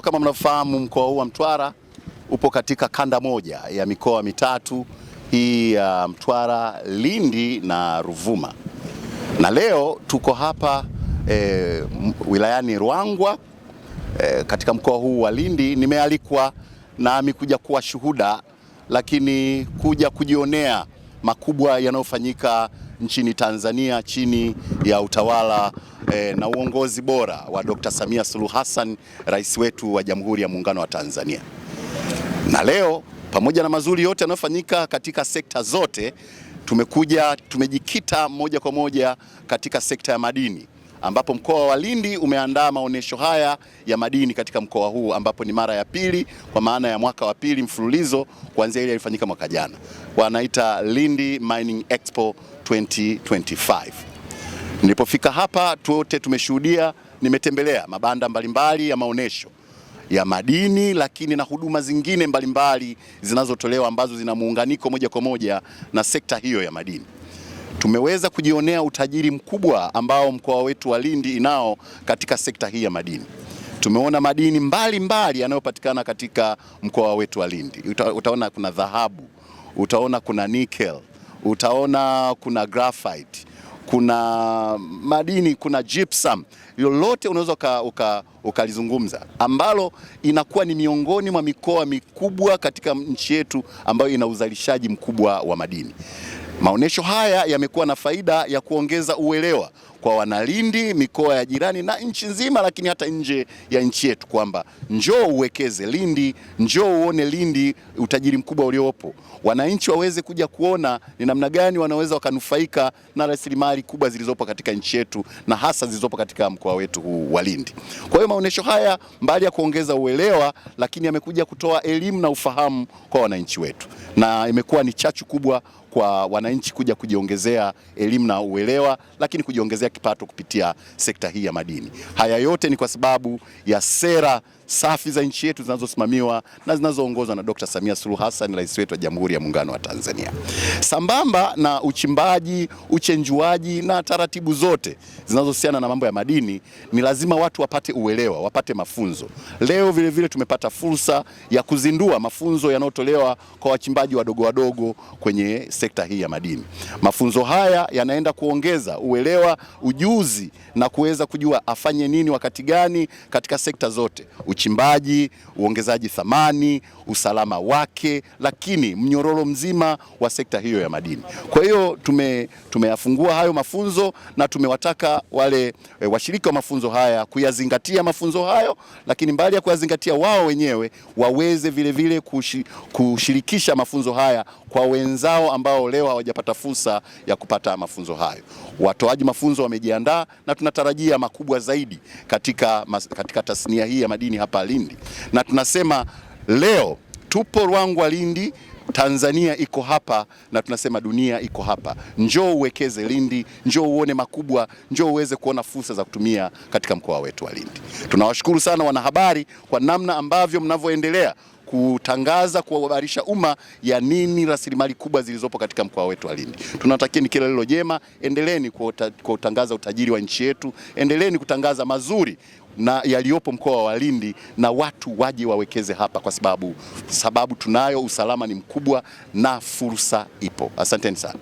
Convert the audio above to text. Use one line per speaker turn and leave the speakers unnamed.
Kama mnavyofahamu mkoa huu wa Mtwara upo katika kanda moja ya mikoa mitatu hii ya Mtwara, Lindi na Ruvuma, na leo tuko hapa e, wilayani Ruangwa e, katika mkoa huu wa Lindi. Nimealikwa nami kuja kuwa shuhuda, lakini kuja kujionea makubwa yanayofanyika nchini Tanzania chini ya utawala eh, na uongozi bora wa Dr. Samia Suluhu Hassan, rais wetu wa Jamhuri ya Muungano wa Tanzania. Na leo pamoja na mazuri yote yanayofanyika katika sekta zote, tumekuja tumejikita moja kwa moja katika sekta ya madini ambapo mkoa wa Lindi umeandaa maonyesho haya ya madini katika mkoa huu, ambapo ni mara ya pili kwa maana ya mwaka wa pili mfululizo kuanzia ile ilifanyika mwaka jana, wanaita Lindi Mining Expo 2025. Nilipofika hapa tuote tumeshuhudia, nimetembelea mabanda mbalimbali ya maonyesho ya madini lakini na huduma zingine mbalimbali zinazotolewa ambazo zina muunganiko moja kwa moja na sekta hiyo ya madini. Tumeweza kujionea utajiri mkubwa ambao mkoa wetu wa Lindi inao katika sekta hii ya madini. Tumeona madini mbalimbali yanayopatikana katika mkoa wetu wa Lindi. Uta, utaona kuna dhahabu, utaona kuna nickel, utaona kuna graphite, kuna madini, kuna gypsum. Lolote unaweza ukalizungumza uka, ukalizungumza ambalo inakuwa ni miongoni mwa mikoa mikubwa katika nchi yetu ambayo ina uzalishaji mkubwa wa madini. Maonesho haya yamekuwa na faida ya kuongeza uelewa kwa Wanalindi, mikoa ya jirani na nchi nzima, lakini hata nje ya nchi yetu, kwamba njoo uwekeze Lindi, njoo uone Lindi utajiri mkubwa uliopo, wananchi waweze kuja kuona ni namna gani wanaweza wakanufaika na rasilimali kubwa zilizopo katika nchi yetu na hasa zilizopo katika mkoa wetu huu wa Lindi. Kwa hiyo maonesho haya mbali ya kuongeza uelewa, lakini yamekuja kutoa elimu na ufahamu kwa wananchi wetu, na imekuwa ni chachu kubwa kwa wananchi kuja kujiongezea elimu na uelewa, lakini kujiongezea kipato kupitia sekta hii ya madini. Haya yote ni kwa sababu ya sera safi za nchi yetu zinazosimamiwa na zinazoongozwa na Dr. Samia Suluhu Hassan, rais wetu wa Jamhuri ya Muungano wa Tanzania, sambamba na uchimbaji, uchenjuaji na taratibu zote zinazohusiana na mambo ya madini. Ni lazima watu wapate uelewa, wapate mafunzo. Leo vilevile vile tumepata fursa ya kuzindua mafunzo yanayotolewa kwa wachimbaji wadogo wadogo kwenye sekta hii ya madini. Mafunzo haya yanaenda kuongeza uelewa, ujuzi na kuweza kujua afanye nini wakati gani katika sekta zote Uch uchimbaji, uongezaji thamani, usalama wake, lakini mnyororo mzima wa sekta hiyo ya madini. Kwa hiyo tume, tumeyafungua hayo mafunzo na tumewataka wale e, washiriki wa mafunzo haya kuyazingatia mafunzo hayo, lakini mbali ya kuyazingatia wao wenyewe waweze vilevile kushi, kushirikisha mafunzo haya kwa wenzao ambao leo hawajapata fursa ya kupata mafunzo hayo. Watoaji mafunzo wamejiandaa na tunatarajia makubwa zaidi katika, katika tasnia hii ya madini hapa Lindi, na tunasema leo tupo Ruangwa Lindi, Tanzania iko hapa na tunasema dunia iko hapa. Njoo uwekeze Lindi, njoo uone makubwa, njoo uweze kuona fursa za kutumia katika mkoa wetu wa Lindi. Tunawashukuru sana wanahabari kwa namna ambavyo mnavyoendelea kutangaza kuwahabarisha umma ya nini rasilimali kubwa zilizopo katika mkoa wetu wa Lindi. Tunatakieni kila lilo jema, endeleeni kutangaza utajiri wa nchi yetu, endeleeni kutangaza mazuri na yaliyopo mkoa wa Lindi na watu waje wawekeze hapa, kwa sababu sababu tunayo, usalama ni mkubwa na fursa ipo. Asanteni sana.